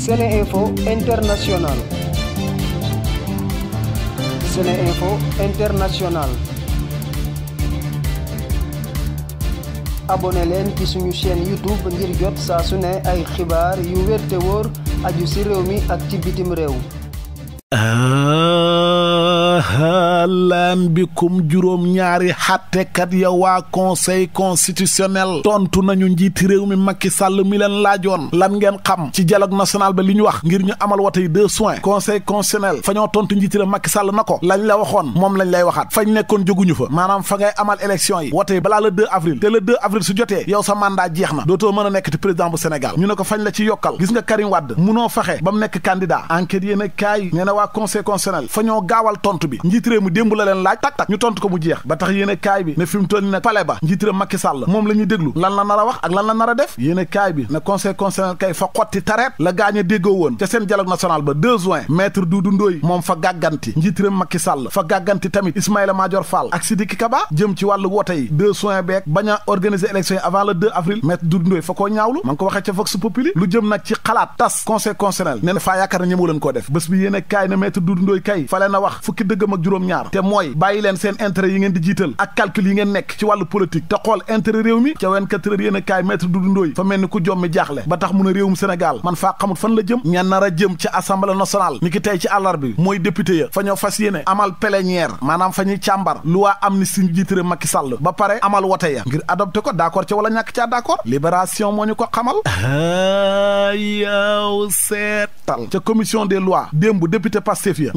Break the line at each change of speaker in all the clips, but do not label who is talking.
Sene Info International Sene leen ci sunu chaîne YouTube ngir jot saa su ne ay xibaar yu wér te aju ci réew mi ak ci bitim réew
ah. lan bikum juróom ñaari xàttekat ya waa conseil constitutionnel tontu nañu njiiti réew mi Macky Sall mi leen laajoon lan ngeen xam ci dialogue national ba li ñu wax ngir ñu amal watey deux soins conseil constitutionnel fa ñoo tontu njiiti réew Macky na ko lañ la waxoon moom lañ lay waxaat fañ nekkoon jóguñu fa maanaam fa ngay amal élection yi watey balaa le 2 avril te le 2 avril su jotee yow sa mandat jeex na dootoo mën a nekk ti président bu Sénégal ñu ne ko démb la leen laaj tak ñu tontu ko mu jeex ba tax yéen kaay bi ne fi mu toll nii nag pale ba njiitëram Macky Sall moom la ñuy déglu lan la nar a wax ak lan la nar a def yéen kaay bi ne conseil constitutionnel kay fa xotti tareet la gaañ a déggoo woon ca seen dialogue national ba 2 juin maître Doudou Ndoye moom fa gàgganti njiitëram Macky Sall fa gàgganti tamit Ismaïla Madior Fall ak Sidiki Kaba jëm ci wàllu woote yi 2 juin beeg bañ a organiser élection yi avant le 2 avril maître Doudou Ndoye fa koo ñaawlu ma ngi ko waxee ca Vox lu jëm na faa yaakaar na ñëmu leen koo def bés bi yéen kaay ne maître Doudou Ndoye kay a wax fukki dëggam ak juróom ñaar ñaar te mooy bàyyi leen seen intérêt yi ngeen di ak calcul yi ngeen nekk ci wàllu politique te xool intérêt réew mi ca wen quatre heures kaay maître Doudou Ndoye fa mel jommi jaaxle ba tax mu ne réewum Sénégal man faa xamut fan la jëm ña nar a jëm ci assemblée nationale ni ki tey ci àllar bi mooy député ya fa ñoo fas yéene amal plénière maanaam fa ñuy càmbar loi amnistie njiit réew Macky Sall ba pare amal wote ya ngir adopté ko d'accord ca wala ñàkk caa d'accord libération moo ñu ko xamal yow seetal ca commission des lois démb député Pastef ya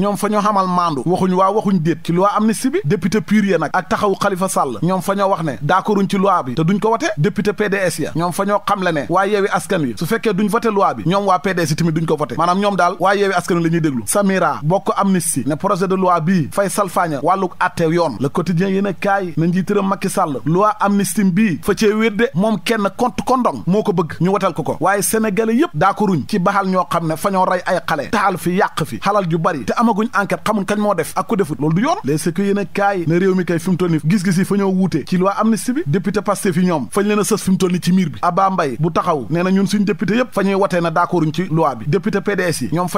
déet ci loi amnistie bi député PUR ya nag ak taxawu Khalifa Sall ñoom fa ñoo wax ne d'accorduñ ci loi bi te duñ ko wote député PDS ya ñoom fa ñoo xam le ne waa yeewi askan wi su fekkee duñ vote loi bi ñoom waa PDS yi tamit duñ ko vote maanaam ñoom daal waa yeewi askan wi déglu Samira bokk amnistie ne projet de loi bii fay salfaaña wàlluk àtte yoon le quotidien yéen a kaay na njiitëram Macky Sall loi amnistie fa cee wédde moom kenn compte moo ko bëgg ñu watal ko ko waaye sénégalais yépp d'accorduñ ci baxal ñoo xam ne fa ñoo rey ay xale taxal fi moo def ak yoon les si que yéen a kaay ne réew mi kay fi mu toll ni gis-gis yi fa ñoo wuute ci loi amnistie bi député Pastef yi ñoom fañ a sës fi mu ñoom fa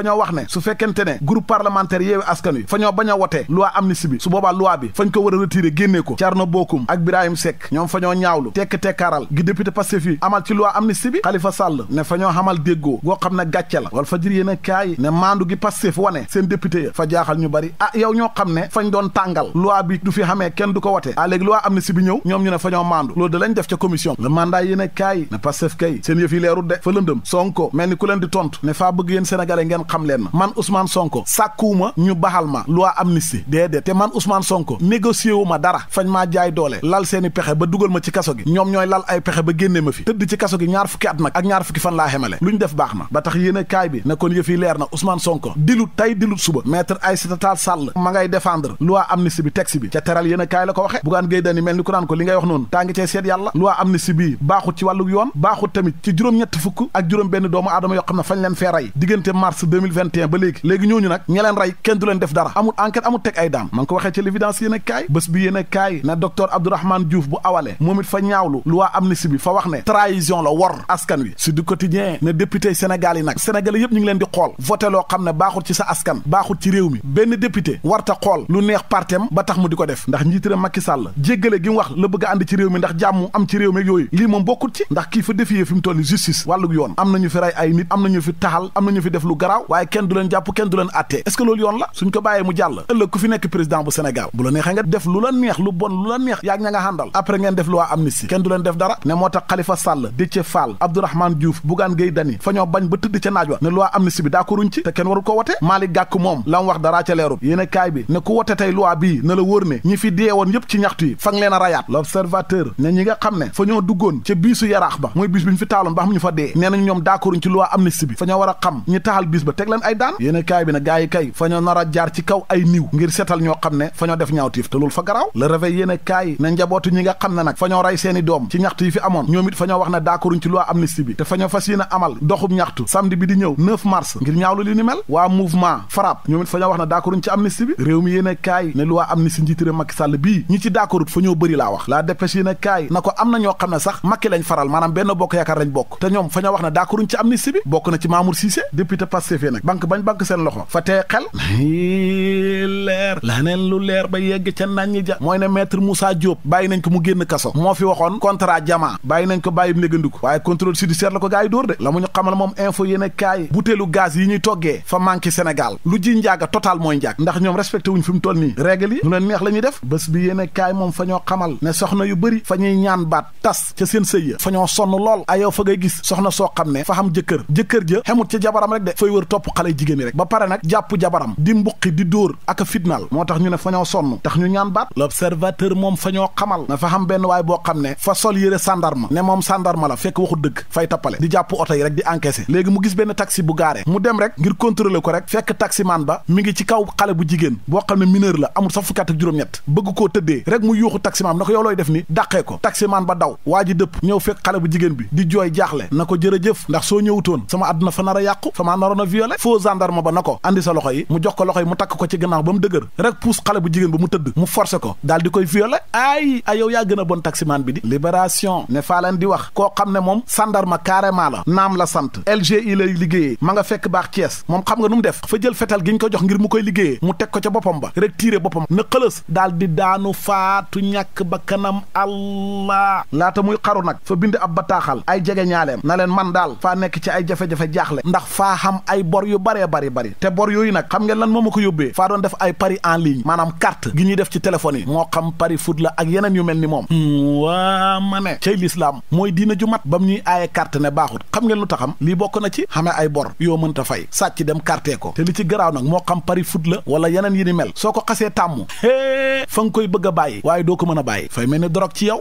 ñoo wax ne su fekkente ne groupe parlementaire Yewwi Askan Wi fa ñoo bañ a wotee loi amnistie bi su boobaa loi bi fañ ko war a retirer génnee ko Thierno Bocoum ak Birahim Seck ñoom fa ñoo ñaawlu tekk tekkaaral gi député Pastef yi amal ci loi amnistie bi Khalifa Sall ne fa ñoo xamal déggoo goo xam ne gàcce la Walf Fadjri yéen seen député fa jaaxal ñu bari ah ñoo xam ne fañ doon tàngal loi bi du fi xamee kenn du ko wote ah léegi loi amnistie bi ñëw ñoom ñu ne fa maandu loolu da lañ def ca commission le mandat yéen a kaay ne Pastef seen yëf yi de fa Sonko mel ni ku leen di tontu ne faa bëgg yéen sénégalais ngeen xam leen man Ousmane Sonko sàkkuwuma ñu baxal ma loi amnistie déedéet te man Ousmane Sonko négocié ma dara fañ maa jaay doole lal seeni pexe ba dugal ma ci kaso gi ñoom ñooy lal a défendre loi amnistie bi texte bi ca teral yéen la ko waxe bugaan géy mel ni ku naan ko li ngay wax noonu tàngi cee seet yàlla loi amnistie bi baaxut ci wàllu yoon baaxut tamit ci juróom-ñett fukk ak juróom benn doomu aadama yoo xam ne fañ leen fee rey diggante mars 2021 ba léegi léegi ñooñu nag ña leen rey kenn du leen def dara amul enquête amul teg ay daam ma ngi ko waxee ci l'évidence yéen a kaay bés bi yéen a kaay ne docteur Abdourahmane Diouf bu awale moom it fa ñaawlu loi amnistie bi fa wax ne trahison ñu ngi leen di xool voté loo xam ne baaxut ci sa askan baaxut ci réew mi benn député warta xool lu neex partem ba tax mu di ko def ndax njiitëram Macky Sall jéggale gi mu wax la bëgg a ànd ci réew mi ndax jàmm am ci réew mi yooyu lii moom bokkut ci ndax kii fa defiyee fi mu toll justice wàllug yoon am nañu fi rey ay nit am nañu fi taxal am nañu fi def lu garaaw waaye kenn du leen jàpp kenn du leen àttee est-ce que loolu yoon la suñ ko bàyyee mu jàll ëllëg ku fi nekk président bu Sénégal bu la neexee nga def lu la neex lu bon lu la neex yaag ña nga voté tey loi bii na la wóor ne ñi fi dee woon yépp ci ñaxtu yi fag leen a rayaat l'observateur ne ñi nga xam ne fa ñoo duggoon ca biisu yaraax ba mooy bi ñu fi taaloon ba ñu fa dee nee nañ ñoom d'accorduñ ci loi amnistie bi fa ñoo war a xam ñi taxal bis ba teg leen ay daan yéen kaay bi na gaa yi kay fa ñoo nar a jaar ci kaw ay niw ngir seetal ñoo xam ne fa ñoo def ñaawtiif te loolu fa garaaw le réveil yéen kaay ne njabootu ñi nga xam ne nag fa ñoo rey seeni doom ci ñaxtu yi fi amoon ñoom it fa ñoo wax ne d'accorduñ ci loi amnistie bi te fa ñoo fas yéen amal doxub ñaxtu samedi bi di ñëw 9 mars ngir ñaawlu li ni mel waa mouvement FRAPP ñoom it fa ñoo wax ne d'accorduñ ci amnistie bi réew mi yéen a kaay ne loi amnistie njiitu réew bii ñi ci d'accordut fa ñoo bëri laa wax la dépêche yéen a kaay na ko am na ñoo xam ne sax Macky lañ faral maanaam benn bokk yaakaar lañ bokk te ñoom fa ñoo wax ne d'accorduñ ci amnistie bi bokk na ci Mamour Cissé député Pastef nag banque bañ banque seen loxo fa tee xel leer la neen lu leer ba yegg ca nañ ñi ja mooy ne maître Moussa Diop bàyyi nañ ko mu génn kaso moo fi waxoon contrat jamaa bàyyi nañ ko ko gars yi dóor de la mu ñu xamal moom info a kaay butéelu gaz yi ñuy toggee fa manqué Sénégal lu ji njaaga total mooy njaag mu toll nii règle yi nu leen neex la ñuy def bés bi yéene kaay moom fa ñoo xamal ne soxna yu bëri fa ñuy ñaan baat tas ca seen sëy ya fa ñoo sonn lool ayow fa ngay gis soxna soo xam ne fa xam jëkkër jëkkër ja xemut ca jabaram rek de fay wër topp xale jigéen yi rek ba pare nag jàpp jabaram di mbuqi di dóor ak a fitnaal moo tax ñu ne fañoo sonn tax ñu ñaan baat l'observateur moom fañoo xamal na fa xam benn waay boo xam ne fa sol yëre sandarma ne moom sandarma la fekk waxu dëgg fay tappale di jàpp oto yi rek di encaissé léegi mu gis benn taxi bu gaare mu dem rek ngir contrôler ko rek fekk taximan ba mi ngi ci kaw xale bu jigéen ne la amul sax fukki at ak juróom-ñett bëgg ko tëddee rek mu yuuxu taximaan na ko yow looy def ni dàqee ko taximaan ba daw waa ji dëpp ñëw fekk xale bu jigéen bi di jooy jaaxle na ko jërëjëf ndax soo ñëwutoon sama àdduna fa nar a yàqu sama naroon a violé faux gendarme ba na ko andi sa loxo yi mu jox ko loxo yi mu takk ko ci gannaaw ba mu dëgër rek puus xale bu jigéen ba mu tëdd mu forcé ko daal di koy violé ay ay yow yaa gën a bon taximaan bi di libération ne faa leen di wax koo xam ne moom sandarma carrément la naam la sant LGI lay liggéeyee ma nga fekk baax Thiès moom xam nga nu def fa jël fetal gi ñu ko jox ngir mu koy liggéeyee mu teg ko ca boppam rek tiire boppam na xëlës daal di daanu faatu ñàkk ba kanam allah laata muy xaru nag fa bind ab bataaxal ay jege ñaaleem na leen man daal faa nekk ci ay jafe-jafe jaaxle ndax faa xam ay bor yu baree bari bari te bor yooyu nag xam ngeen lan moom ma ko yóbbee faa doon def ay pari en ligne maanaam carte gi ñuy def ci téléphone yi moo xam pari foot la ak yeneen yu mel ni moom waa ma ne cay lislaam mooy diina ju ba bam ñuy aaye carte ne baaxut xam ngeen lu taxam lii bokk na ci xamee ay bor yoo mënta fay sàcc dem carte ko te ci garaaw moo xam paris foot la wala yeneen yi mel soo ko xasee tàmm fa nga koy bëgga bàyyi waaye doo ko mën a bàyyi fay mel ni dorog ci yow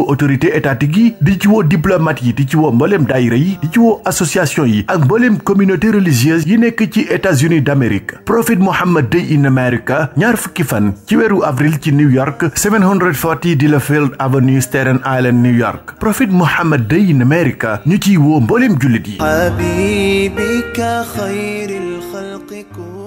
woo autorité étatique yi yi di ci woo mbooleem daayira yi di ci woo association yi ak mbooleem communauté religieuse yi nekk ci États-Unis d'Amérique Prophet Muhammad Day in America ñaar fukki fan ci weeru avril ci New York 740 Avenue Staten Island New York Prophet Muhammad Day in America ñu ciy woo mbooleem jullit yi